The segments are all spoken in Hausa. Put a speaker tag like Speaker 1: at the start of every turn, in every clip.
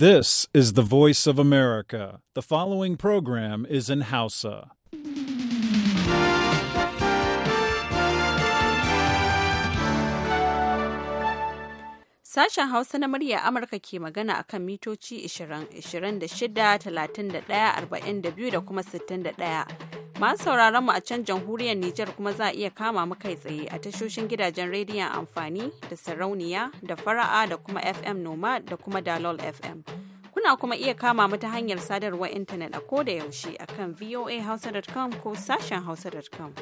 Speaker 1: This is the voice of America. The following program is in Hausa. Sashen Hausa na murya Amurka ke magana a kan mitoci 20, 26, 31, 42 da kuma 61. Masu sauraron mu a can jamhuriyar Nijar kuma za a iya kama mu kai tsaye a tashoshin gidajen rediyon amfani da sarauniya da fara'a da kuma FM Noma da kuma Dalol FM. Kuna kuma iya kama mu ta hanyar sadarwar intanet a koda yaushe akan voahausa.com ko sashen hausa.com.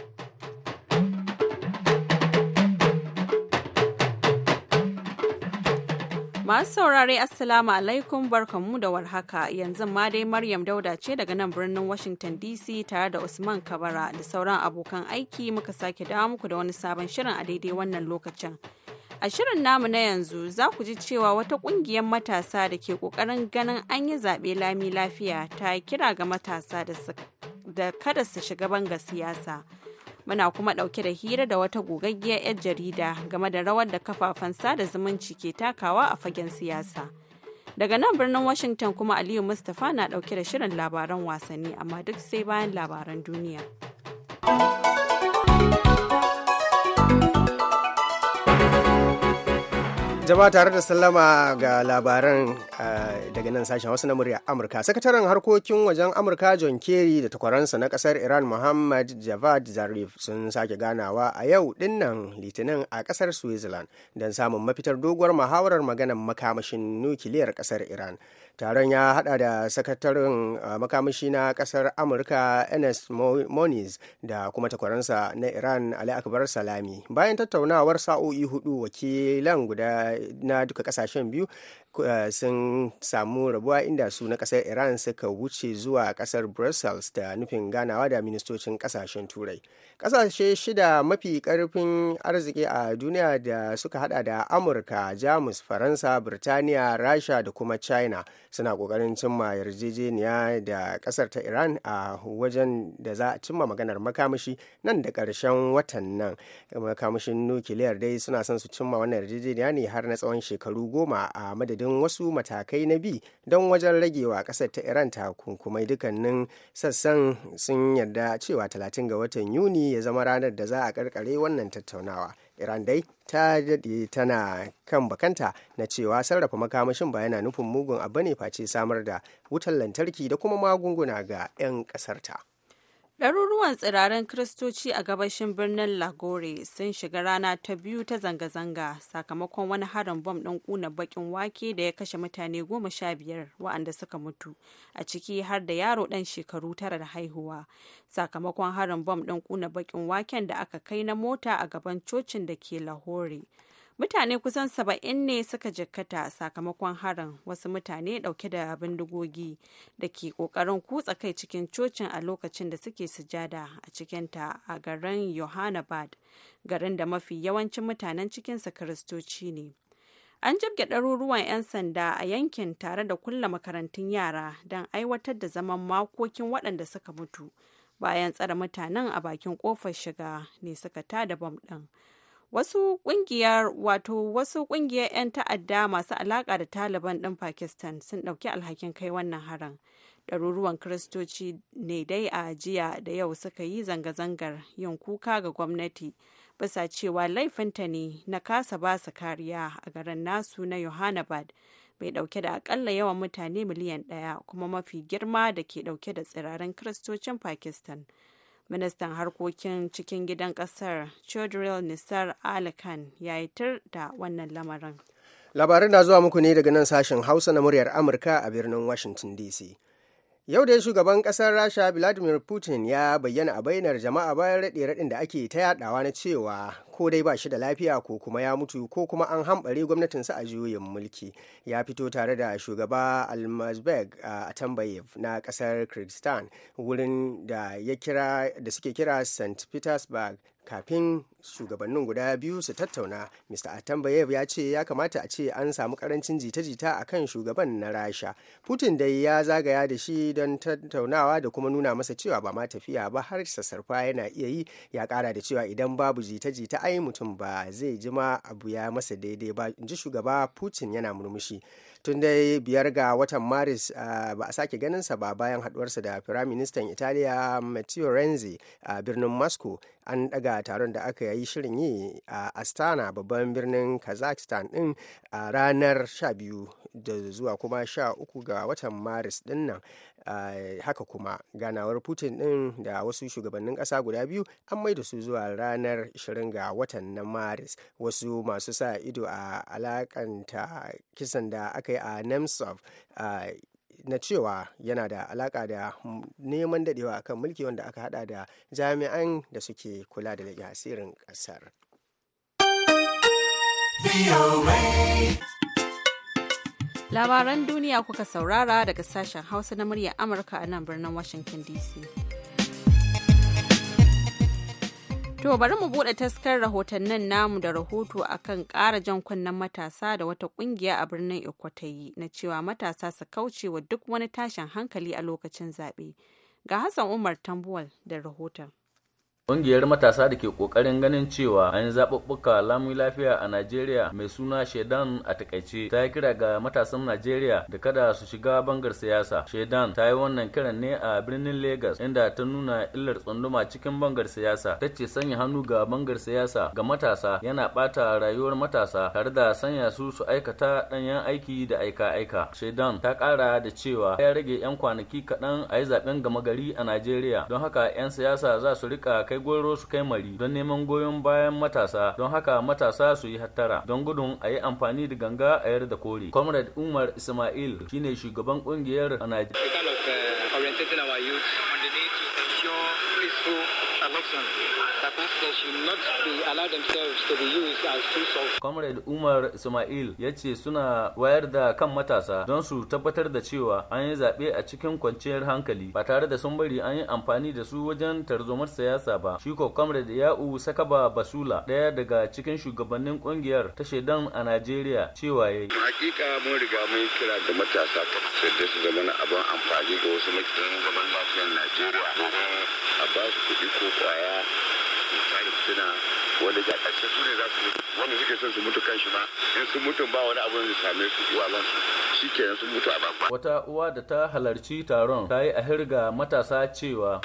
Speaker 1: Masu saurare Assalamu alaikum barkanmu da warhaka yanzu ma dai Maryam Dauda ce daga nan birnin Washington DC tare da Usman Kabara da sauran abokan aiki muka sake dawo muku da wani sabon shirin a daidai wannan lokacin. A shirin namu na yanzu za ku ji cewa wata ƙungiyar matasa da ke ƙoƙarin ganin an yi zaɓe lami lafiya ta kira ga matasa da kada su shiga banga siyasa. Muna kuma ɗauke da hira da wata gogaggiyar 'yar jarida game da rawar da kafafen sada zumunci ke takawa a fagen siyasa. Daga nan birnin Washington kuma Aliyu Mustapha na ɗauke da shirin labaran wasanni amma duk sai bayan labaran duniya.
Speaker 2: Jama'a tare da sallama ga labaran daga nan sashen wasu na murya Amurka. Sakataren harkokin wajen Amurka John Kerry da takwaransa na kasar Iran Muhammad Javad Zarif sun sake ganawa a yau dinnan Litinin a kasar Switzerland don samun mafitar doguwar muhawarar maganar makamashin nukiliyar kasar Iran. taron ya hada da sakataren makamashi na kasar amurka ns moniz da kuma takwaransa na iran ali akbar salami bayan tattaunawar sa'o'i hudu wakilan guda na duka kasashen biyu Eh, sun samu rabuwa inda su na kasar iran suka wuce zuwa kasar brussels da nufin ganawa da ministocin kasashen turai kasashe shida mafi karfin arziki a duniya da suka hada da amurka jamus faransa birtaniya rasha da kuma china suna kokarin cimma yarjejeniya da kasar ta iran a wajen da za a cimma maganar makamashi nan da karshen watan nan makamashin nukiliyar dai suna son su cimma wannan yarjejeniya ne har na tsawon shekaru goma a madadin tanadin wasu matakai na bi don wajen ragewa ƙasar ta iran ta kunkumai dukkanin sassan sun yarda cewa 30 ga watan yuni ya zama ranar da za a karkare wannan tattaunawa iran dai ta daɗe tana kan bakanta na cewa sarrafa makamashin ba yana nufin mugun abu ne face samar da wutar lantarki da kuma magunguna ga 'yan ƙasarta.
Speaker 1: Ɗaruruwan tsirarin Kiristoci a gabashin birnin Lagore sun shiga rana ta biyu ta zanga-zanga sakamakon wani harin bom ɗin ƙuna bakin wake da ya kashe mutane goma sha biyar waɗanda suka mutu a ciki har da yaro ɗan shekaru tara da haihuwa sakamakon harin bom ɗin ƙuna bakin waken da aka kai na mota a gaban cocin da ke Lahore. mutane kusan saba'in ne suka jikkata sakamakon harin wasu mutane dauke da bindigogi da ke kokarin kutsa kai cikin cocin a lokacin da suke sujada a cikinta a garin yohanabad garin da mafi yawancin mutanen cikinsa kiristoci ne an jibge ɗaruruwan 'yan sanda a yankin tare da kulla makarantun yara don aiwatar da zaman makokin waɗanda suka mutu bayan tsare mutanen a bakin ƙofar shiga ne suka tada bom ɗin. wasu kungiyar wato wasu kungiyar 'yan ta'adda masu alaka da taliban ɗin pakistan sun ɗauki alhakin kai wannan haran ɗaruruwan kiristoci ne dai a jiya da yau suka yi zanga-zangar yin kuka ga gwamnati bisa cewa laifinta ne na kasa ba su kariya a garin nasu na yohanabad mai ɗauke da akalla yawan mutane miliyan ɗaya kuma mafi girma da ke ɗauke da tsirarin kiristocin pakistan ministan harkokin cikin gidan kasar chodril nisar alikan ya yi tur da wannan lamarin
Speaker 2: labarin na zuwa muku ne daga nan sashen hausa na muryar amurka a birnin washington dc Yau da shugaban kasar Rasha Vladimir Putin ya bayyana a bainar jama'a bayan raɗe raɗin da ake ta yaɗawa na cewa ko dai ba shi da lafiya ko kuma ya mutu ko kuma an hambare gwamnatinsa a juyin mulki. Ya fito tare da shugaba Almazbeg a Tambayev na kasar Kyrgyzstan wurin da da suke kira St. Petersburg kafin shugabannin guda biyu su tattauna mr atambayev ya ce ya kamata a ce an samu karancin jita-jita a kan shugaban na rasha putin dai ya zagaya da shi don tattaunawa da kuma nuna masa cewa ba ma tafiya ba har sassarfa yana iya yi ya kara da cewa idan babu jita-jita ai mutum ba zai jima abu ya masa daidai ba in ji shugaba putin yana murmushi tun dai biyar ga watan maris ba a sake ganinsa ba bayan haduwarsa da firaministan italiya matteo renzi a birnin moscow an daga taron da aka ya yi shirin yi a astana babban birnin kazakhstan din a ranar 12 da zuwa kuma 13 ga watan maris din nan haka kuma ganawar putin din da wasu shugabannin ƙasa guda biyu an maida su zuwa ranar 20 ga watan na maris wasu masu sa ido a alakanta kisan da aka yi a nemtsov na cewa yana da alaka da neman dadewa akan mulki wanda aka hada da jami'an da suke kula da asirin ƙasar.
Speaker 1: Labaran duniya kuka saurara daga sashen Hausa na murya Amurka a nan birnin Washington DC. To bari mu buɗe taskar rahotannin namu da rahoto akan ƙara jan kunnen matasa da wata ƙungiya a birnin ikotayi na cewa matasa su kauce wa duk wani tashin hankali a lokacin zaɓe. Ga Hassan Umar Tambuwal da rahoton.
Speaker 3: Ƙungiyar matasa da ke ƙoƙarin ganin cewa an yi zaɓuɓɓuka lamun lafiya a Najeriya mai suna Shedan a takaice ta yi kira ga matasan Najeriya da kada su shiga bangar siyasa. Shedan ta yi wannan kiran ne a birnin Legas inda ta nuna illar tsunduma cikin bangar siyasa. Ta ce sanya hannu ga bangar siyasa ga matasa yana ɓata rayuwar matasa tare da sanya su su aikata ɗanyen aiki da aika-aika. Shedan ta ƙara da cewa ya rage 'yan kwanaki kaɗan a yi zaɓen gama gari a Najeriya don haka 'yan siyasa za su riƙa kai gwaro su kai mari don neman goyon bayan matasa don haka matasa su yi hattara don gudun a yi amfani da ganga a yar da kore. Comrade Umar Ismail shine shugaban kungiyar a Najeriya. Comrade Umar Ismail ya ce suna wayar da kan matasa don su tabbatar da cewa an yi zaɓe a cikin kwanciyar hankali ba tare da sun bari an yi amfani da su wajen tarzomar siyasa ba. shiko Comrade Ya'u Sakaba Basula ɗaya daga cikin shugabannin ƙungiyar ta shaidan a Najeriya cewa ya yi. Hakika mun riga mun kira ga matasa sai da su zama na abin amfani ga wasu makitan zaman lafiyar Najeriya domin a ba su kuɗi ko ƙwaya son su mutu kanshi ma in sun mutu ba wani abu same su ban su ke mutu a babba wata uwa da ta halarci taron ta yi a hirga matasa cewa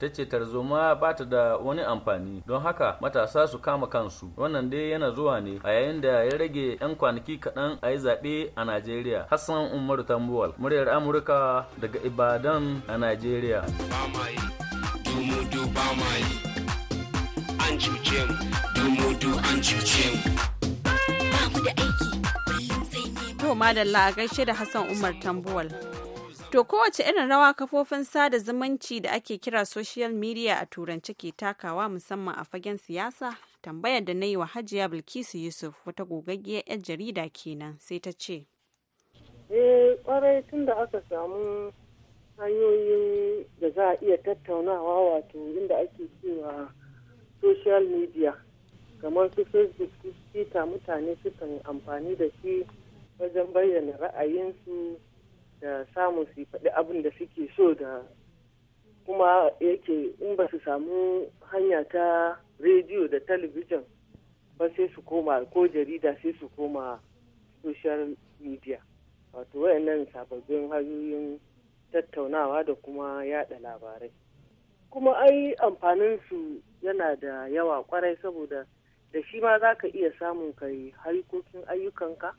Speaker 3: ta ce tarzoma ba ta da wani amfani don haka matasa su kama kansu wannan dai yana zuwa ne a yayin da ya rage 'yan kwanaki kaɗan a yi zaɓe a najeriya hassan umaru tambuwal muryar amurka daga ibadan a najeriya
Speaker 4: an cuce mu an cuce mu ba da
Speaker 1: aiki to madalla a gaishe da Hassan Umar Tambuwal To kowace irin rawa kafofin sada zumunci da ake kira social media a turance ke takawa musamman a fagen siyasa? Tambayar da na yi wa Hajiya Bilkisu Yusuf wata gogaggiyar 'yar jarida kenan sai ta ce.
Speaker 5: Eh kwarai tun da aka samu hanyoyin da za a iya tattaunawa wato inda ake cewa social media kamar su facebook su twitter mutane sukan amfani da shi wajen bayyana ra'ayinsu da samun su faɗi abin da suke so da kuma yake in ba su samu hanya ta rediyo da talabijin ba sai su koma ko jarida sai su koma social media wato wayannan sababbin hanyoyin tattaunawa da kuma yada labarai kuma ai amfanin su yana da yawa kwarai saboda da shi ma za ka iya samun kai harkokin ayyukanka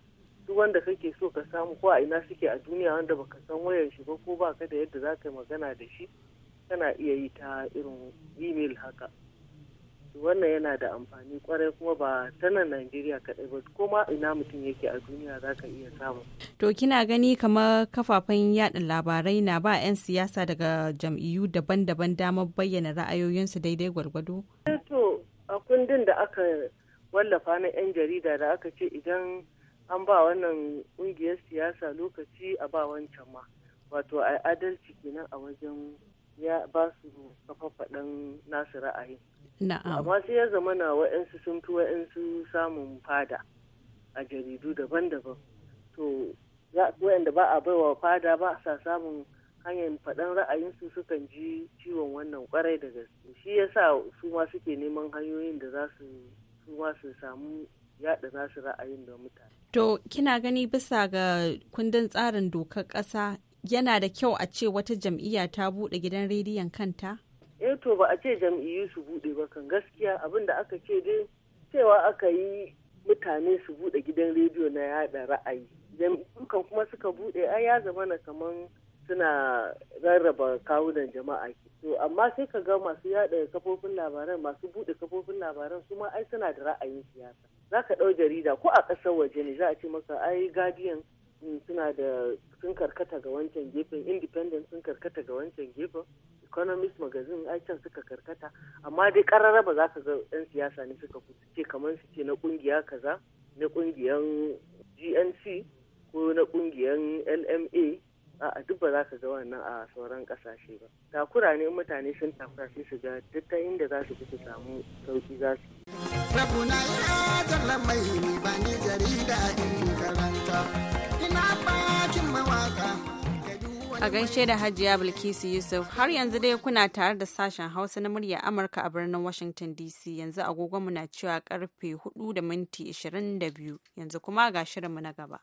Speaker 5: duk wanda kake so ka samu ko a ina suke a duniya wanda baka san wayar shi ba ko baka da yadda za ka yi magana da shi kana iya yi ta irin email haka wannan yana da amfani kwarai kuma ba ta nan najeriya kaɗai ba kuma ina mutum yake a duniya za ka iya samu
Speaker 1: to kina gani kamar kafafen yada labarai na ba 'yan siyasa daga jam'iyyu daban-daban damar bayyana ra'ayoyinsu daidai gwargwado
Speaker 5: eh to a kundin da aka wallafa na 'yan jarida da aka ce idan an ba wannan ƙungiyar siyasa lokaci a ba wancan ma wato a adalci kenan a wajen ya ba su kafafaɗan nasu ra'ayi. amma sai ya zama na wa'yansu sun fi wa'yansu samun fada a jaridu daban-daban to wa'yanda ba a baiwa fada ba sa samun hanyar faɗan ra'ayinsu sukan ji ciwon wannan kwarai da gaske shi yasa su ma suke neman hanyoyin da za su su ma su samu yaɗa nasu ra'ayin da
Speaker 1: mutane to kina gani bisa ga kundin tsarin dokar ƙasa yana da kyau a ce wata jam'iyya ta buɗe gidan rediyon kanta
Speaker 5: eh to ba a ce jam'iyyu su buɗe ba kan gaskiya abin da aka ce dai cewa aka yi mutane su buɗe gidan rediyo na yada ra'ayi jam'iyyu kan kuma suka buɗe ai ya zama na kaman suna rarraba kawunan jama'a to amma sai ka ga masu yada kafofin labaran masu buɗe kafofin labaran su ai suna da ra'ayin siyasa za ka ɗau jarida ko a ƙasar waje ne za a ce maka ai guardian mm, suna da sun karkata ga wancan gefen independent sun karkata ga wancan gefen economist magazine aikin suka karkata amma dai karara ba za ka ga 'yan siyasa ne suka ce kamar su ce na kungiya kaza na kungiyan gnc ko na kungiyan lma a duk ba za ka ga wannan a sauran kasashe ba takura ne mutane sun takura sai su ga duk ta inda za su su samu sauki za su
Speaker 4: mai jarida
Speaker 1: ina bakin mawaka A gaishe da Hajiya Bilkisu Yusuf har yanzu dai kuna tare da sashen Hausa na murya Amurka a birnin Washington DC yanzu agogonmu na cewa karfe 4 da minti 22 yanzu kuma ga shirinmu na gaba.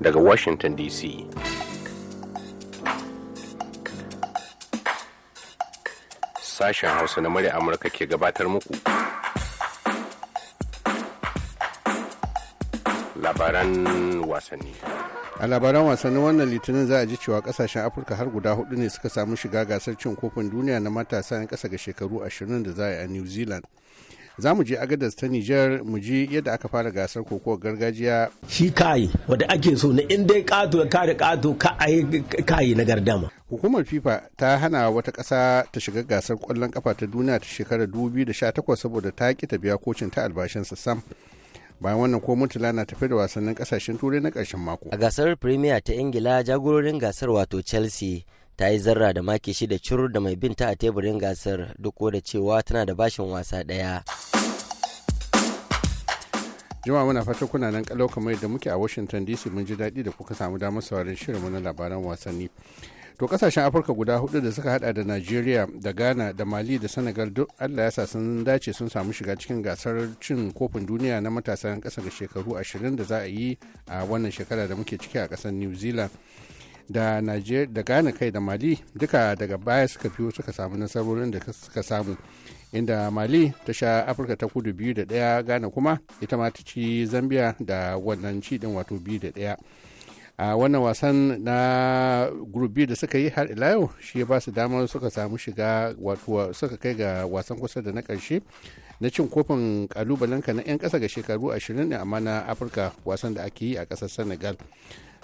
Speaker 6: daga Washington DC. Sashen Hausa na murya Amurka ke gabatar muku. Labaran wasanni. a labaran wasannin wannan litinin za a ji cewa kasashen afirka har guda hudu ne suka samu shiga gasar cin kofin duniya na matasa 'yan kasa ga shekaru ashirin da za a yi a new zealand za mu je agadas ta Nijar mu je yadda aka fara gasar kokowar gargajiya. Shi kayi wadda ake so na in dai kato ya kare kato ka kayi na gardama. Hukumar FIFA ta hana wata ƙasa ta shiga gasar kwallon kafa ta duniya ta shekarar 2018 saboda ta ki ta biya kocin ta albashinsa sam. bayan wannan ko mutula na tafi da wasannin kasashen turai na
Speaker 7: ƙarshen mako. A gasar Premier ta Ingila jagororin gasar wato Chelsea ta yi zarra da maki shida cur da mai binta a teburin gasar duk da cewa tana da bashin wasa ɗaya.
Speaker 6: Juma muna fata kuna nan kalau kamar da muke a Washington DC mun ji daɗi da kuka samu damar saurin shirin na labaran wasanni. To kasashen Afirka guda hudu da suka hada da Najeriya da Ghana da Mali da Senegal duk Allah ya sa sun dace sun samu shiga cikin gasar cin kofin duniya na matasan kasa ga shekaru ashirin da za a yi a wannan shekara da muke ciki a ƙasar New Zealand. da da ghana kai da mali duka daga baya suka fiyo suka samu nasarorin da suka samu inda mali ta sha afirka ta kudu biyu da daya ghana kuma ita ma ta ci zambia da wannan ci din wato biyu da daya a wannan wasan na group da suka yi har ila yau shi ya ba su damar suka samu shiga wato suka kai ga wasan kusa da na karshe na cin kofin kalubalenka na 'yan kasa ga shekaru 20 ne amma na afirka wasan da ake yi a ƙasar senegal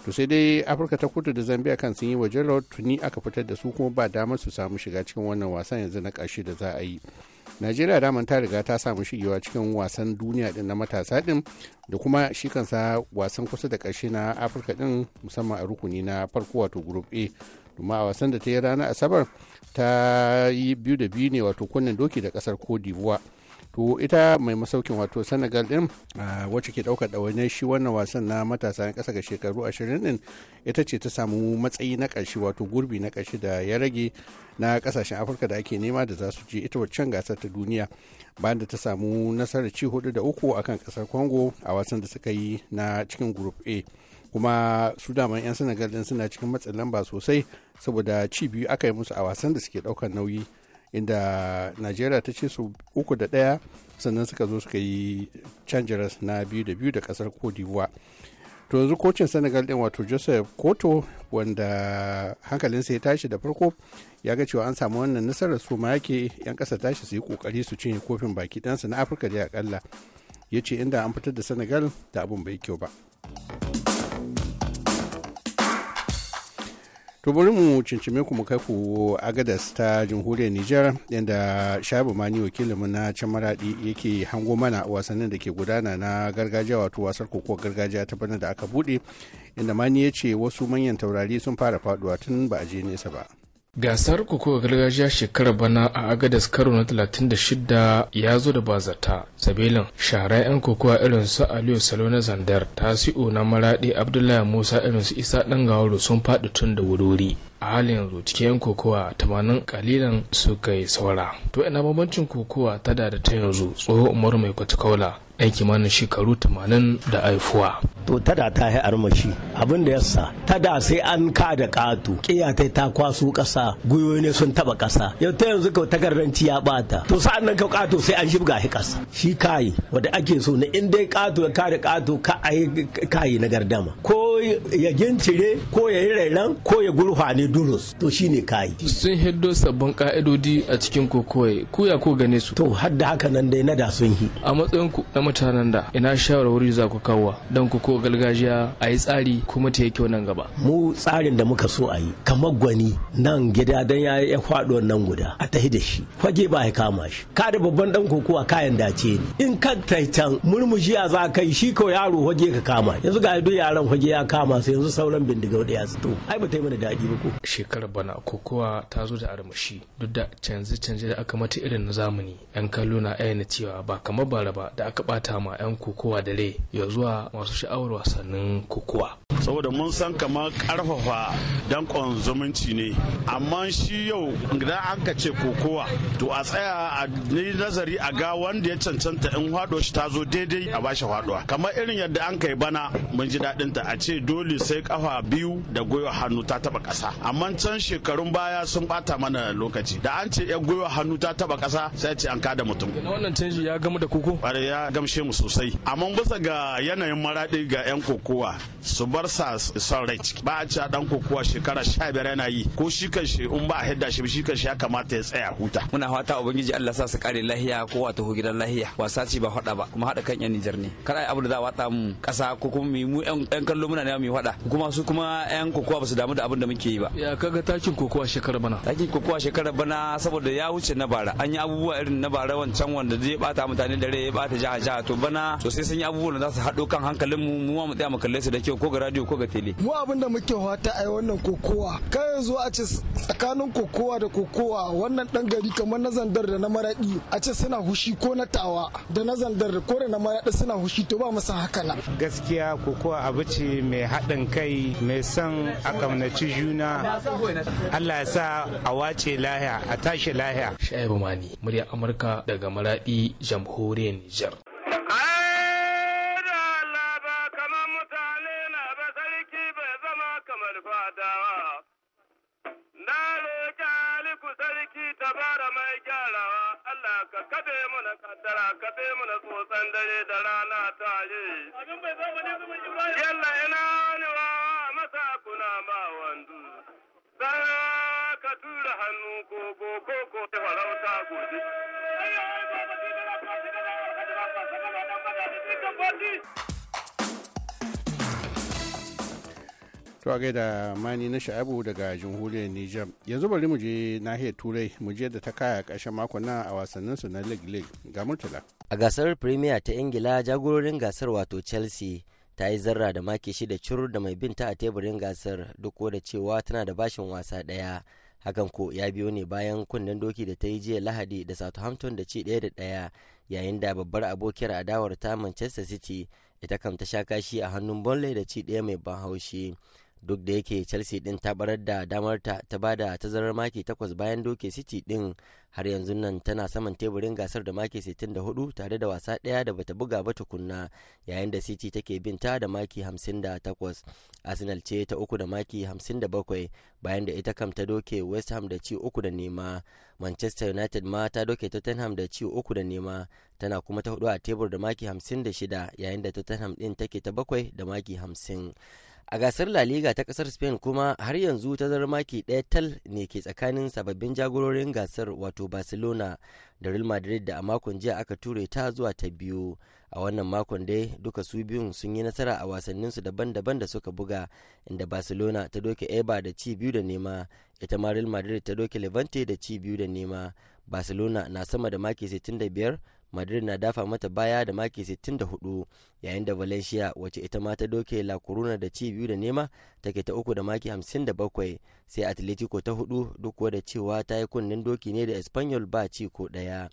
Speaker 6: to sai dai afirka ta kudu da zambia kan sun yi waje tuni aka fitar da su kuma ba damar su samu shiga cikin wannan wasan yanzu na ƙarshe da za a yi najeriya daman ta riga ta samu shigewa cikin wasan duniya din na matasa din da kuma shi kansa wasan kusa da karshe na afirka din musamman a rukuni na farko wato group a domin a wasan da ta yi ranar asabar ta yi biyu da biyu ne wato kunnen doki da kasar cote d'ivoire to ita mai masaukin wato senegal din wacce ke daukar ɗawainiyar shi wannan wasan na matasa na ƙasa ga shekaru 20 din ita ce ta samu matsayi na ƙarshe wato gurbi na ƙarshe da ya rage na ƙasashen afirka da ake nema da za su je ita waccan gasar ta duniya bayan da ta samu nasarar ci hudu da uku akan kasar congo a wasan da suka yi na cikin group a kuma su daman 'yan senegal din suna cikin matsin lamba sosai saboda ci biyu aka yi musu a wasan da suke daukar nauyi inda najeriya ta ce su uku da ɗaya sannan suka zo suka yi canjaras na biyu da biyu da ƙasar kodiwa to yanzu kocin senegal din wato joseph koto wanda hankalinsa ya tashi da farko ya ga cewa an samu wannan nasarar su ma yake yan kasa tashi su yi kokari su cinye kofin baki dansa na afirka da ya akalla ya ce inda an fitar da senegal da abun bai kyau ba to bari mu cincime ku mu kai ku agadas ta jamhuriyar nijar yadda shabu mani wakilinmu na can maradi yake hango mana wasannin da ke gudana na gargajiya wato wasar koko gargajiya ta birnin da aka bude inda mani ya ce wasu manyan taurari sun fara faduwa tun ba a je nesa ba
Speaker 4: gasar ga gargajiya shekarar bana a agadas karo na 36 ya zo da bazata sabilin shara yan kokowa irin su aliyu salo na zandar tasi'u na maradi abdullahi musa irin su isa dan gawaro sun faɗi tun da wurori a halin yanzu cikin yan kokowa tamanin kalilan su kai saura to ina bambancin kokowa ta da ta yanzu tsoho umar mai kwatakaula ɗan kimanin shekaru 80 da haifuwa. To tada ta yi armashi abin da yasa tada sai an ka da katu. kiya ta kwaso ƙasa gwiwoyi ne sun taba kasa. yau ta yanzu ka ci ya bata to sa'an nan ka katu sai an shibga shi kasa shi kayi wanda ake so na in dai ƙato ka da ƙato ka ai kayi na gardama ko ya gincire ko ya yi rairan ko ya ne durus to shine kai. Sun hiddo sabbin ka'idodi a cikin kokowai ya ko gane su. To hadda haka nan dai na da sun yi. A matsayin ku mutanen da ina shawarwari za ku kawo don ku ko gargajiya a yi tsari kuma ta yi kyau nan gaba. Mu tsarin da muka so a yi kamar gwani nan gida don ya ya faɗuwar nan guda a tahi da shi fage ba ya kama shi ka da babban dan kokowa kayan dace ne in ka taitan a za kai shi ko yaro fage ka kama yanzu ga duk yaran fage ya kama sai yanzu sauran bindiga da ya zato ai ba ta yi mana daɗi ba ko. Shekarar bana kokowa ta zo da armashi duk da canje-canje da aka mata irin na zamani yan kallo na ayyana cewa ba kamar bara ba da aka bata ma 'yan kokowa da rai ya zuwa masu sha'awar wasannin kokowa saboda mun san kamar karfafa dankon zumunci ne amma shi yau idan an ka ce kokowa to a tsaya a nazari a ga wanda ya cancanta in hwado shi ta zo daidai a bashi hwadowa kamar irin yadda an kai bana mun ji dadin ta a ce dole sai kafa biyu da gwiwa hannu ta taba ƙasa amma can shekarun baya sun bata mana lokaci da an ce ya gwiwa hannu ta taba ƙasa sai ce an kada mutum wannan canji ya gamu da koko ya gamshe mu sosai amma bisa ga yanayin maradi ga 'yan kokowa su bar sa son rai ciki ba a ci dan kokowa shekara sha biyar yana yi ko shi kan shi in ba a hidda shi shi kan shi ya kamata ya tsaya huta muna fata ubangiji Allah sa su kare lahiya ko wato gidan lahiya wasa
Speaker 3: ci ba hada ba kuma hada kan yan Nijar ne kada ai abu da za a wata mu kasa ko kuma mu yan kallo muna ne mu hada kuma su kuma yan kokowa ba su damu da abin da muke yi ba
Speaker 4: ya kaga takin kokowa shekara bana takin
Speaker 3: kokowa shekara bana saboda ya wuce na bara an yi abubuwa irin na bara wancan wanda zai bata mutane da rai ya bata jaha jaha to bana to sai sun yi abubuwan da za su haɗo kan hankalin mu mu mu tsaya mu kalle su da kyau ko ga radio ko ga
Speaker 4: mu abin da muke fata a wannan kokowa kai yanzu a ce tsakanin kokowa da kokowa wannan dan gari kamar na zandar da na maradi a ce suna hushi ko na tawa da na zandar da da na maradi suna hushi to ba masa haka na gaskiya kokowa abu ce mai haɗin kai mai son a kamnaci juna Allah ya sa a wace lahiya a tashi lahiya Shaibu Mani murya Amurka daga maraɗi jamhuriyar Nijar mana kaddara ka sai mana tsotsan dare da rana tare. Yalla ina ni wa masa kuna ma wandu. Sana ka tura hannu ko koko da farauta gobe.
Speaker 6: to a gaida mani na sha'abu daga jamhuriyar niger yanzu bari mu nahiyar turai mu da ta kaya ƙarshen makon nan a wasannin su na league ga murtala
Speaker 7: a gasar premier ta ingila jagororin gasar wato chelsea ta yi zarra da maki shida cur da mai binta a teburin gasar duk da cewa tana da bashin wasa daya hakan ko ya biyo ne bayan kunnen doki da ta yi jiya lahadi da southampton da ci daya da ɗaya yayin da babbar abokiyar adawar ta manchester city ita kam ta sha kashi a hannun bonley da ci daya mai ban haushi duk da yake chelsea din ta barar da damarta ta ba da tazarar maki takwas bayan doke city din har yanzu nan tana saman teburin gasar da maki 64 tare da wasa daya da bata buga ba tukunna yayin da city take bin ta da maki 58 arsenal ce ta uku da maki 57 bayan da ita kam ta doke west ham da ci uku da nema manchester united ma ta doke tottenham da ci uku da nema tana kuma ta hudu a tebur da maki 56 yayin da tottenham din take ta bakwai da maki 50 a gasar la liga ta kasar spain kuma har yanzu tazarar maki ɗaya tal ne ke tsakanin sababbin jagororin gasar wato barcelona da real madrid da a makon jiya aka ture ta zuwa ta biyu a wannan makon dai duka su biyun sun yi nasara a wasanninsu daban-daban da suka buga inda barcelona ta doke eba da ci biyu da nema ita ma real madrid ta doke levante da ci biyu da nema barcelona na sama da maki 65 madrid na dafa mata baya da maki 64 yayin da valencia wace ita ma ta doke la corona da ci biyu da nema take ta uku da maki 57 sai atletico ta hudu duk da cewa ta yi kunnen doki ne da espanyol ba ci ko daya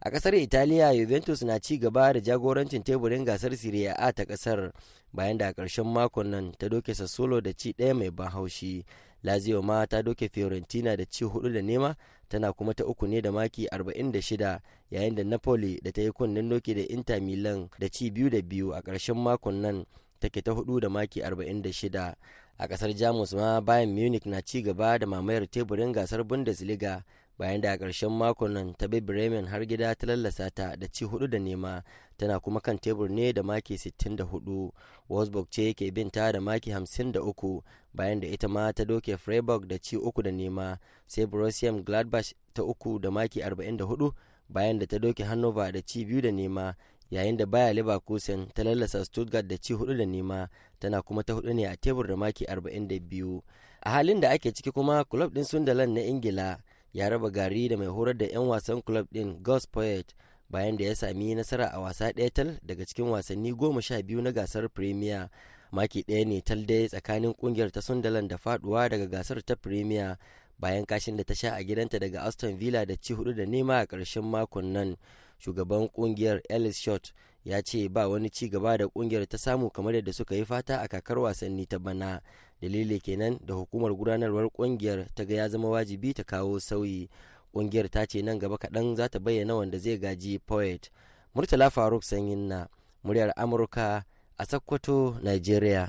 Speaker 7: a kasar italiya juventus na ci gaba da jagorancin teburin gasar serie a ta kasar bayan da a karshen makon nan ta doke solo da ci daya mai ban haushi lazio ma ta doke fiorentina da ci hudu da nema tana kuma ta uku ne da maki 46 yayin da napoli da ta yi kunnen doke da inter milan da ci biyu da biyu a ƙarshen makon nan take ta hudu da maki 46 a kasar jamus ma bayan munich na ci gaba da mamayar teburin gasar bundesliga bayan da a ƙarshen makon nan ta bi bremen har gida ta lallasa ta da ci hudu da nema tana kuma kan tebur ne da maki 64 wolfsburg ce ke bin ta da maki 53 bayan da ita ma ta doke freiburg da ci uku da nema sai borussia gladbach ta uku da maki 44 bayan da ta doke hannover da ci biyu da nema yayin da baya leverkusen ta lallasa stuttgart da ci hudu da nema tana kuma ta hudu ne a tebur da maki 42 a halin da ake ciki kuma club din sunderland na ingila ya raba gari da mai horar da 'yan wasan club din Gus poet bayan da ya sami nasara a wasa ɗaya tal daga cikin wasanni goma sha biyu na gasar Premier. Maki ɗaya ne tal dai tsakanin kungiyar ta sundalan da faduwa daga gasar ta Premier bayan kashin da ta sha a gidanta daga Aston Villa da ci hudu da nema a ƙarshen makon nan. Shugaban kungiyar Ellis Short ya ce ba wani ci gaba da kungiyar ta samu kamar yadda suka yi fata a kakar wasanni ta bana dalili kenan da hukumar gudanarwar kungiyar ta ga ya zama wajibi ta kawo sauyi kungiyar ta ce nan gaba kaɗan za ta bayyana wanda zai gaji poet murtala faruk sanyin na muryar amurka a sakkwato nigeria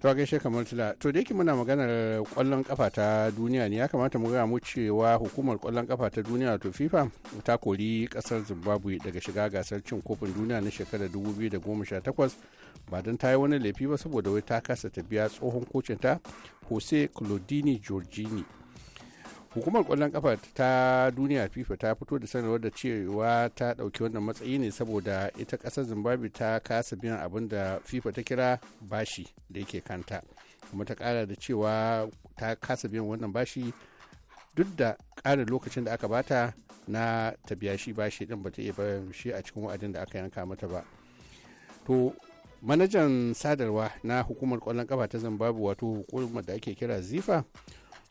Speaker 6: to gaishe kamar tula to da yake muna maganar kwallon kafa ta duniya ne ya kamata mu gaya mu cewa hukumar kwallon kafa ta duniya to fifa ta kori kasar zimbabwe daga shiga gasar cin kofin duniya na shekarar 2018 ba don ta yi wani laifi ba saboda wai ta kasa ta biya tsohon kocinta jose claudini giorgini hukumar kwallon kafa ta duniya fifa ta fito da sanarwar da cewa ta dauki wannan matsayi ne saboda ita kasar zimbabwe ta kasa biyan abin da fifa ta kira bashi da yake kanta kuma ta kara da cewa ta kasa biyan wannan bashi duk da karin lokacin da aka bata na ta biya shi bashi din bata iya bayan shi a cikin wa'adin da aka yanka mata ba to manajan sadarwa na hukumar kwallon kafa ta zimbabwe wato hukumar da ake kira zifa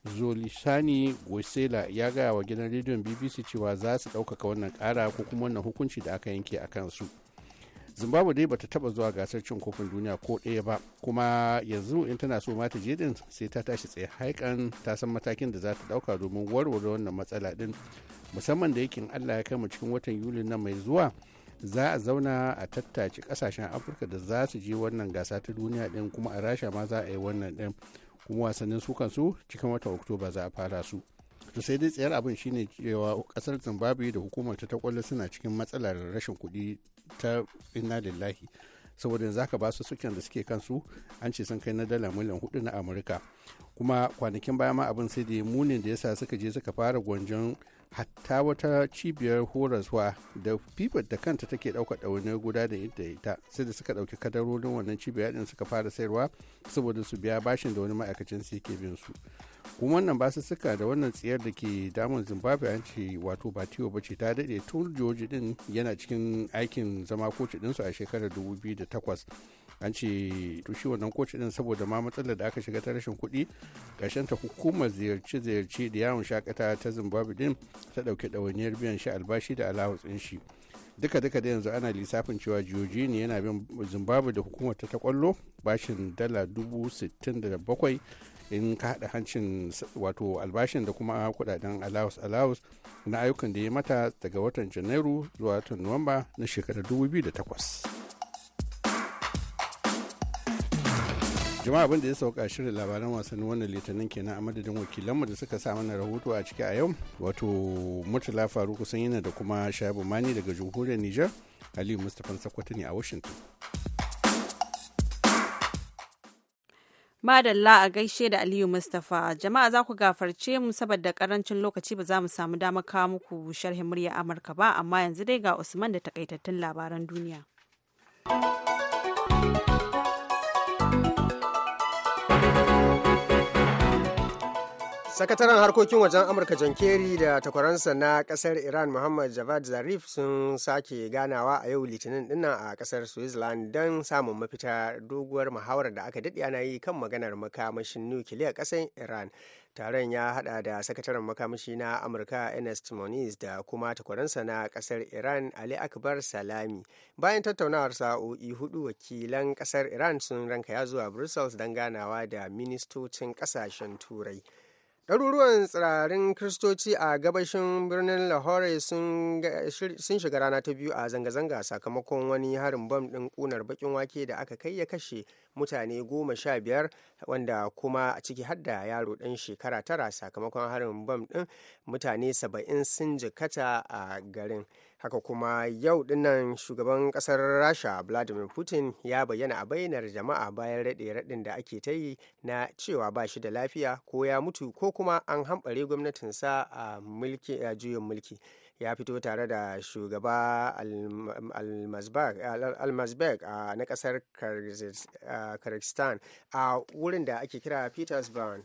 Speaker 6: zolisani gosela ya gaya wa gidan rediyon bbc cewa za su ɗaukaka wannan kara ko kuma wannan hukunci da aka yanke a kansu zimbabwe dai bata taba zuwa gasar cin kofin duniya ko ɗaya ba kuma yanzu in tana so ma ta je din sai ta tashi tsaye haikan ta san matakin da za ta ɗauka domin warware wannan matsala din musamman da yakin allah ya kai mu cikin watan yuli na mai zuwa za a zauna a tattace kasashen afirka da za su je wannan gasa ta duniya din kuma a rasha ma za a yi wannan din kuma wasannin su kansu cikin watan oktoba za a fara su to sai dai tsayar abin shine cewa kasar zimbabwe da hukumar ta kwallo suna cikin matsalar rashin kuɗi ta inna lillahi saboda yanzu aka ba su sukin da suke kansu an ce sun kai na dala miliyan hudu na amurka kuma kwanakin baya ma abin sai da munin da yasa suka je suka fara gwanjon hatta wata cibiyar horaswa da fifa da kanta take ɗauka ɗaune guda da yadda ita sai da suka ɗauki kadarorin wannan cibiyar din suka fara sayarwa saboda su biya bashin da wani ma'aikacin su yake bin su kuma wannan basussuka da wannan tsiyar da ke damun zimbabwe an ce wato ba tiyo ba ce ta daɗe tun joji ɗin yana cikin aikin zama koci ɗinsu a shekarar 2008 an ce to shi wannan koci din saboda ma matsalar da aka shiga ta rashin kuɗi ƙarshen ta hukumar ziyarce-ziyarce da yawon shakata ta zimbabwe din ta ɗauki ɗawainiyar biyan shi albashi da allowance ɗin shi duka-duka da yanzu ana lissafin cewa jiyoji ne yana bin zimbabwe da hukumar ta ta kwallo bashin dala dubu sittin da bakwai in ka haɗa hancin wato albashin da kuma kuɗaɗen allowus allowus na ayyukan da ya mata daga watan janairu zuwa watan nuwamba na shekarar 2008 jama'a abin ya sauka shirin labaran wasannin wannan litinin kenan a madadin wakilanmu da suka sa mana rahoto a ciki a yau wato murtala faru kusan yana da kuma shabu mani daga jamhuriyar niger aliyu mustapha sakwata ne a washington
Speaker 1: madalla a gaishe da aliyu mustapha jama'a za ku gafarce mu saboda karancin lokaci ba za mu samu damar kawo muku sharhin murya amurka ba amma yanzu dai ga usman da takaitattun labaran duniya.
Speaker 2: sakataren harkokin wajen amurka john kerry da takwaransa na kasar iran muhammad javad zarif sun sake ganawa a yau litinin dinnan a kasar switzerland don samun mafita doguwar muhawarar da aka daɗe ana yi kan maganar makamashin nukiliya kasar iran taron ya hada da sakataren makamashi na amurka ernest moniz da kuma takwaransa na kasar iran ali akbar salami bayan tattaunawar sa'o'i hudu wakilan kasar iran sun ranka ya zuwa brussels don ganawa da ministocin kasashen turai Ɗaruruwan tsirarin Kiristoci a gabashin birnin Lahore sun shiga rana ta biyu a zanga-zanga sakamakon wani harin bam ɗin ƙunar baƙin wake da aka kai ya kashe mutane goma sha biyar wanda kuma a ciki hadda yaro ɗan shekara tara sakamakon harin bam ɗin mutane saba'in sun jikata a garin. haka kuma yau dinnan shugaban kasar rasha vladimir putin ya bayyana a bayyanar jama'a bayan raɗe-raɗin da ake ta yi na cewa ba shi da lafiya ko ya mutu ko kuma an hambare gwamnatinsa a juyin mulki ya fito tare da shugaba almazbek na kasar kyrgyzstan a wurin da ake kira petersburg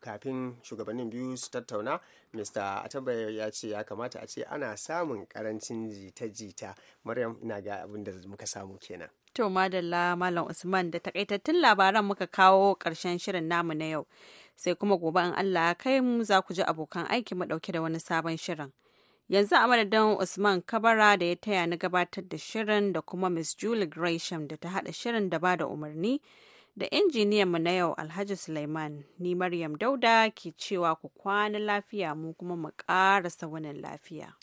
Speaker 2: kafin shugabannin biyu su tattauna mr atabayo ya ce ya kamata a ce ana samun karancin jita-jita maryam ina ga abin da muka samu kenan
Speaker 1: to madalla malam usman da takaitattun labaran muka kawo karshen shirin namu na yau sai kuma gobe in allah kai mu za ku ji abokan aiki mu dauke da wani sabon shirin yanzu a madadin usman kabara da ya taya ni gabatar da shirin da kuma miss julie gresham da ta hada shirin da ba da umarni da mu na yau Alhaji Suleiman ni Maryam Dauda ke cewa ku kwana lafiya mu kuma mu ƙara saunin lafiya.